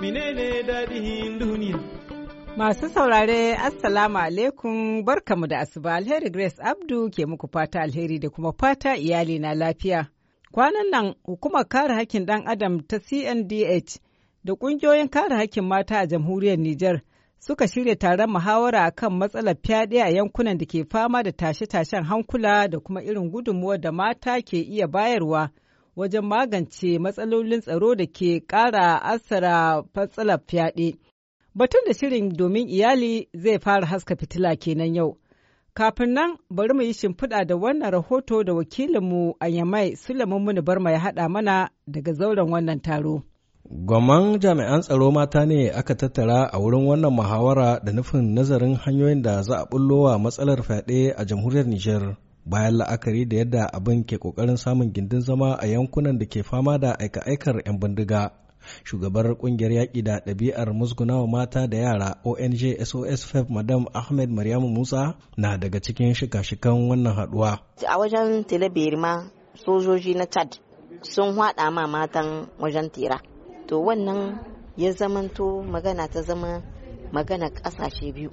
menene daɗin duniya. Masu saurare Assalamu alaikum barkamu da asuba alheri Grace Abdu ke muku fata alheri da kuma fata iyali na lafiya. Kwanan nan hukumar kare hakkin ɗan adam ta CNDH da ƙungiyoyin kare hakkin mata a jamhuriyar Nijar suka shirya taron muhawara kan matsalar fyaɗe a yankunan da ke fama da tashe-tashen hankula da kuma irin gudunmuwar da mata ke iya bayarwa. wajen magance matsalolin tsaro da ke ƙara asara fatsalar fyaɗe. Batun da shirin domin iyali zai fara haska fitila kenan yau. Kafin nan bari mu yi shimfiɗa da wannan rahoto da wakilinmu a Yamai Sulaiman Muni Barma ya haɗa mana daga zauren wannan taro. Gwamman jami'an tsaro mata ne aka tattara a wurin wannan muhawara da nufin nazarin hanyoyin da za a bullowa matsalar fyaɗe a jamhuriyar Nijar. bayan la'akari da yadda abin ke kokarin samun gindin zama a yankunan da ke fama da aika-aikar 'yan bindiga shugabar kungiyar yaƙi da ɗabi'ar musgunawa mata da yara ong sos fef madam ahmed maryamu musa na daga cikin shika-shikan wannan haɗuwa a wajen sojoji na chad sun haɗa ma matan wajen tira to wannan ya zamanto magana ta zama magana ƙasashe biyu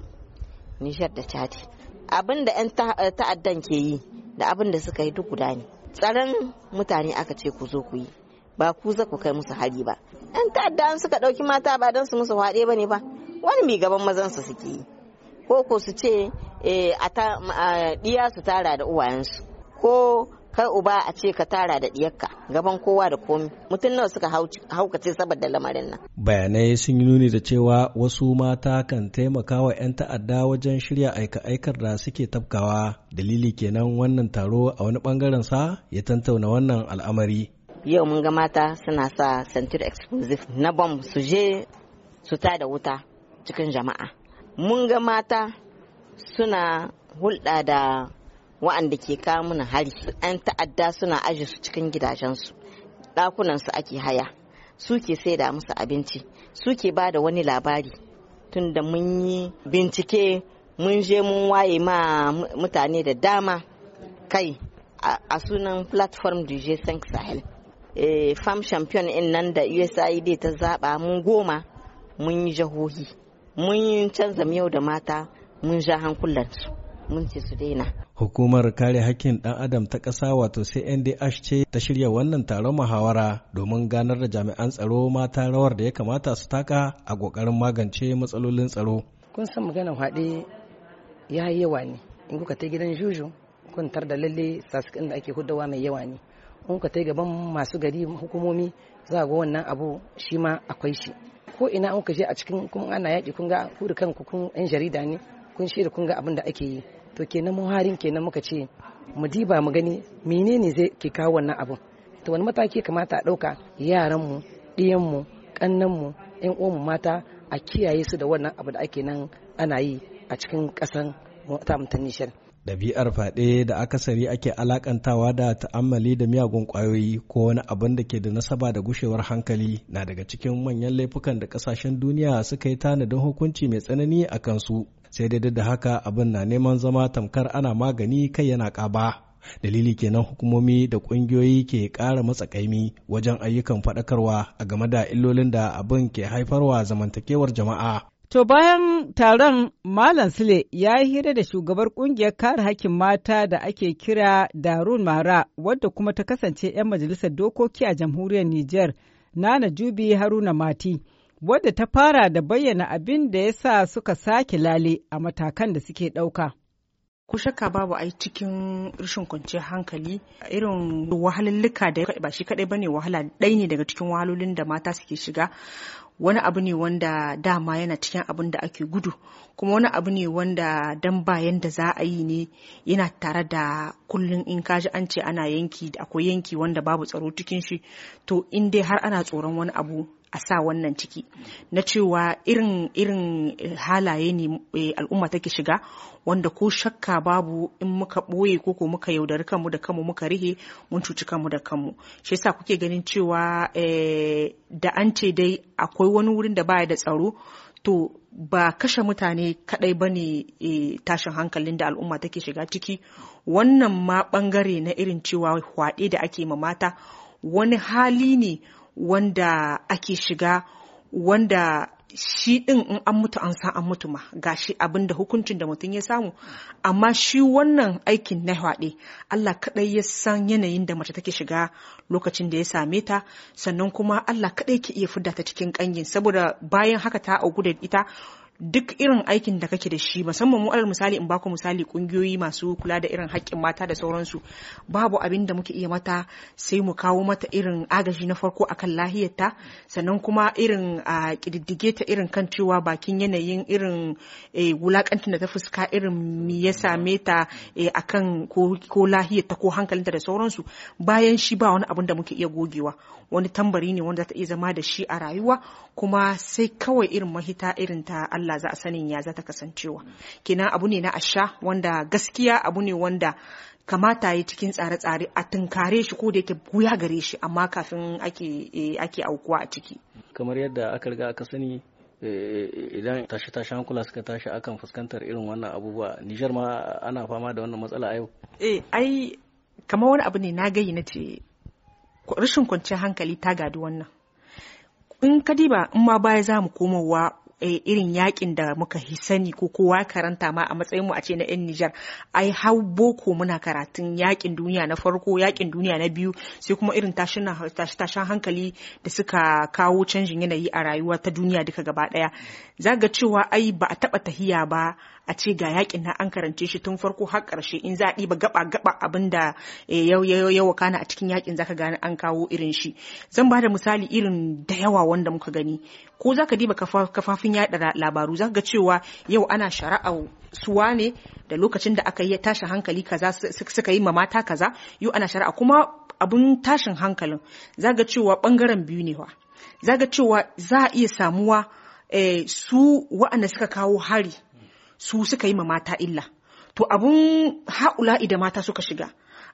Nijar da Chadi. abin da 'yan eh, ta'addan ke yi da abin da suka yi duk guda ne tsaron mutane aka ce ku zo ku yi ba ku za ku kai musu hari ba 'yan ta'adda an suka ɗauki mata ba don su musu haɗe ba ne ba wani mai gaban mazansu suke yi ko ko su ce eh, a eh, ɗiya su tara da uwayensu ko kai uba a ce ka tara da diyarka gaban kowa da komi mutum nawa suka haukace saboda lamarin nan bayanai sun yi nuni da cewa wasu mata kan taimaka wa 'yan ta'adda wajen shirya aika-aikar da suke tabkawa dalili kenan wannan taro a wani bangaren sa ya tantauna wannan al'amari yau mun ga mata suna sa sentir exclusive na bom su je su ta da wuta cikin jama'a mun ga mata suna hulɗa da Waɗanda ke kawo mana hari yan ta'adda suna aje su cikin gidajensu ɗakunansu ake haya su ke saida musu abinci su ke ba da wani labari tunda da mun yi bincike mun je mun waye ma mutane da dama kai a sunan platform du G5 Sahel. E, eh, farm champion in nan da USAID ta zaba mun goma mun yi jahohi mun yi canza yau da mata mun ja hankulansu. mun ce su daina. Hukumar kare hakkin ɗan adam ta ƙasa wato CNDH ce ta shirya wannan taron muhawara domin ganar da jami'an tsaro mata rawar da ya kamata su taka a ƙoƙarin magance matsalolin tsaro. Kun san magana haɗe ya yi yawa ne. In kuka ta gidan juju kun tar da lalle sasikin da ake hudawa mai yawa ne. In kuka ta gaban masu gari hukumomi za ga wannan abu shi ma akwai shi. Ko ina an je a cikin kuma ana yaƙi kun ga hudu kan kanku 'yan jarida ne kun shi da kun ga abin da ake yi to kenan mu harin kenan muka ce mu diba mu gani menene zai ke kawo wannan abin to wani mataki kamata a ɗauka yaranmu ɗiyanmu ƙannanmu yan uwanmu mata a kiyaye su da wannan abu da ake nan ana yi a cikin ƙasan ta mutan nishar ɗabi'ar fyaɗe da akasari ake alakantawa da ta'ammali da miyagun ƙwayoyi ko wani abin da ke da nasaba da gushewar hankali na daga cikin manyan laifukan da ƙasashen duniya suka yi tanadin hukunci mai tsanani a kansu sai dai duk da haka abin na neman zama tamkar ana magani kai yana ƙaba dalili kenan hukumomi da ƙungiyoyi ke ƙara matsa ƙaimi wajen ayyukan faɗakarwa a game da illolin da abin ke haifarwa zamantakewar jama'a To bayan taron Malam Sule ya yi hira da shugabar kungiyar kare hakkin mata da ake kira Darun Mara wadda kuma ta kasance 'yan majalisar dokoki a jamhuriyar Nijar Nana Jubi Haruna Mati wadda ta fara da bayyana abin da ya sa suka sake lale a matakan da suke ɗauka. ko shakka babu ai cikin rashin kwanciyar hankali irin wahalallika da ba shi kaɗai bane wahala ɗaya ne daga cikin wahalolin da mata suke shiga wani abu ne wanda dama yana cikin abin da ake gudu kuma wani abu ne wanda dan bayan da za a yi ne yana tare da kullum in kaji an ce ana yanki akwai yanki wanda babu tsaro cikin shi to in dai har ana tsoron wani abu a sa wannan ciki na cewa irin irin halaye ne eh, al'umma take shiga wanda ko shakka babu in muka ɓoye ko ko muka yaudari kanmu da kanmu muka rihe mun cuci kanmu da kanmu shi yasa kuke ganin cewa eh, da an ce dai akwai wani wurin da baya da tsaro to ba kashe mutane kadai ba ne e, tashin hankalin da al'umma take shiga ciki wannan ma bangare na irin cewa hwaɗe da ake ma mata wani hali ne wanda ake shiga wanda shi ɗin in an mutu an san an mutu ma gashi abin da hukuncin da mutum ya samu amma shi wannan aikin na haɗe Allah kaɗai ya san yanayin da mace take shiga lokacin da ya same ta sannan kuma Allah kaɗai ke iya fidda ta cikin ƙangin saboda bayan haka ta auku da ita duk irin aikin da kake da shi musamman mu alal misali in baku misali kungiyoyi masu kula da irin haƙƙin mata da sauransu babu abin da muke iya mata sai mu kawo mata irin agaji na farko akan lahiyarta sannan kuma irin a kididdige ta irin kan cewa bakin yanayin irin e, wulakantin da ta fuska irin me ya same ta e, akan ko lahiyarta ko hankalinta da sauransu bayan shi ba wani abin da muke iya gogewa wani tambari ne wanda ta iya zama da shi a rayuwa kuma sai kawai irin mahita irin ta Allah Allah za a sanin ya za ta kasancewa kenan abu ne na asha wanda gaskiya abu ne wanda kamata yi cikin tsare-tsare a tunkare shi ko da yake buya gare shi amma kafin ake eh, aukuwa a ciki kamar yadda aka riga aka sani eh, eh, idan tashi tashi hankula suka tashi akan fuskantar irin wannan abubuwa Nijar ma ana fama da wannan matsala a yau eh ai kamar wani abu ne na gayi na ce rashin kwanciyar hankali ta gadi wannan in ka diba in ma baya za mu komowa Eh, irin yakin da muka hi sani ko kowa karanta ma a matsayin mu a ce na 'yan Nijar ai hau boko muna karatun yakin duniya na farko yakin duniya na biyu sai kuma irin tashin hankali da suka kawo canjin yanayi a rayuwa ta duniya duka gaba daya ga cewa ai ba a taba tahiya ba a ce ga yakin na an karance shi tun farko har karshe in za a ɗiba gaba gaba abin da eh, ya wakana a cikin yakin zaka gani an kawo irin shi zan ba da misali irin da yawa wanda muka gani ko zaka diba kafafin yaɗa labaru zaka ga cewa yau ana shari'a suwa ne da lokacin da aka yi tashin hankali kaza suka yi ma mata kaza yau ana shari'a kuma abun tashin hankalin ga cewa bangaren biyu ne wa ga cewa za a iya samuwa eh, su wa'anda suka kawo hari su suka yi ma mata illa to abun ha'ula'i da mata suka shiga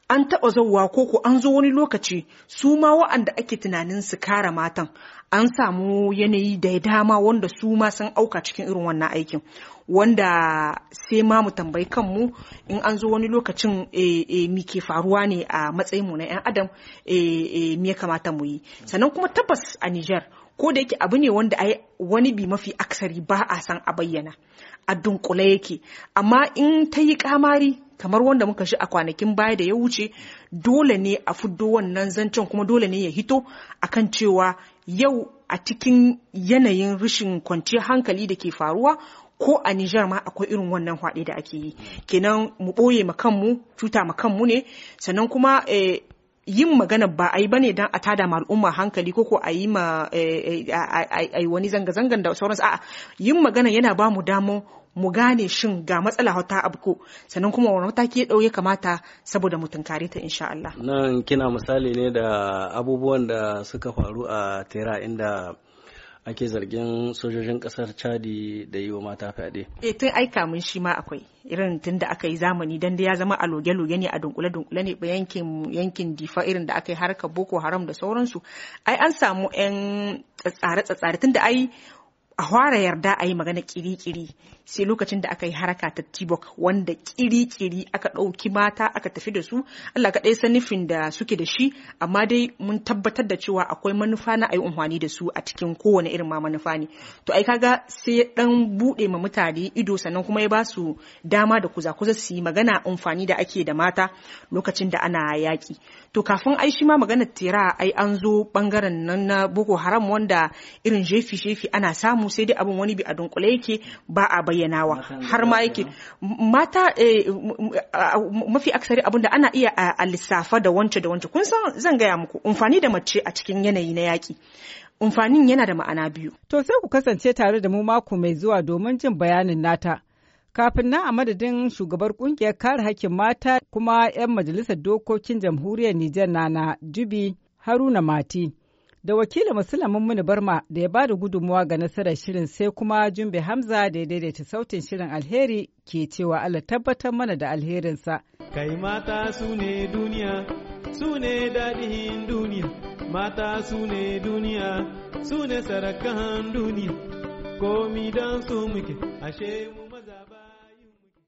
an taɓa zauwa ko ko an zo wani lokaci su ma wa'anda ake tunanin su kara matan an samu yanayi da dama wanda su ma sun auka cikin irin wannan aikin wanda sai ma mu tambayi kanmu in an zo wani lokacin eh, eh, e, mi ke faruwa ne a matsayin mu na 'yan adam e, e, me kamata mu yi sannan kuma tabbas a Nijar ko da yake abu ne wanda ai wani bi mafi aksari ba a san a bayyana a dunkule yake amma in ta yi kamari kamar wanda muka shi a kwanakin baya da ya wuce dole ne a fuddo wannan zancen kuma dole ne ya hito a kan cewa yau a cikin yanayin rashin kwanciyar hankali da ke faruwa ko a Nijar ma akwai irin wannan hwaɗe da ake yi kenan mu ɓoye ma kanmu cuta ma kanmu ne sannan kuma eh, yin magana ba a yi ba ne don a tada ma al'umma hankali ko ko a yi ma eh, eh, a wani zanga-zangan da sauransu a'a yin magana yana ba mu damo mu gane shin ga matsala wata abko sannan kuma wani mataki ya ɗauye kamata saboda mu tunkare ta insha Allah. Nan kina misali ne da abubuwan da suka faru a tera inda ake zargin sojojin kasar chadi da yi wa mata fyaɗe. e tun aika mun shi ma akwai irin tun da aka yi zamani dan da ya zama a loge-loge ne a dunkule-dunkule ne yankin yankin difa irin da aka yi harka boko haram da sauransu ai an samu yan tsare-tsare tun da ai a fara yarda a yi magana kiri-kiri sai lokacin da aka yi haraka ta tibok wanda kiri-kiri aka ɗauki mata aka tafi da su allah kaɗai san nufin da suke da shi amma dai mun tabbatar da cewa akwai manufa na ayi yi da su a cikin kowane irin ma manufa ne to ai kaga sai ya ɗan buɗe ma mutane ido sannan kuma ya ba su dama da kuza-kuza su yi magana amfani da ake da mata lokacin da ana yaki. to kafin ai shi ma magana tera ai an zo ɓangaren nan na boko haram wanda irin jefi-jefi ana samu samu sai dai abin wani bi a dunkule yake ba a bayyanawa har ma yake mata eh, mafi aksari abin da ana iya a lissafa da wance da wance kun san zan gaya muku amfani da mace a cikin yanayi na yaƙi amfanin yana da ma'ana biyu. To sai ku kasance tare da mu mako mai zuwa domin jin bayanin nata. Kafin na a madadin shugabar kungiyar kare hakkin mata kuma 'yan majalisar dokokin jamhuriyar Nijar na Jubi Haruna Mati. da wakilin musulmin muni barma da ya bada gudunmuwa ga nasarar shirin sai kuma jumbe hamza da ya daidaita sautin shirin alheri ke cewa allah tabbatar mana da alherinsa kai mata su ne duniya su ne daɗin duniya mata su ne duniya su ne sarakan duniya komi don su muke ashe mu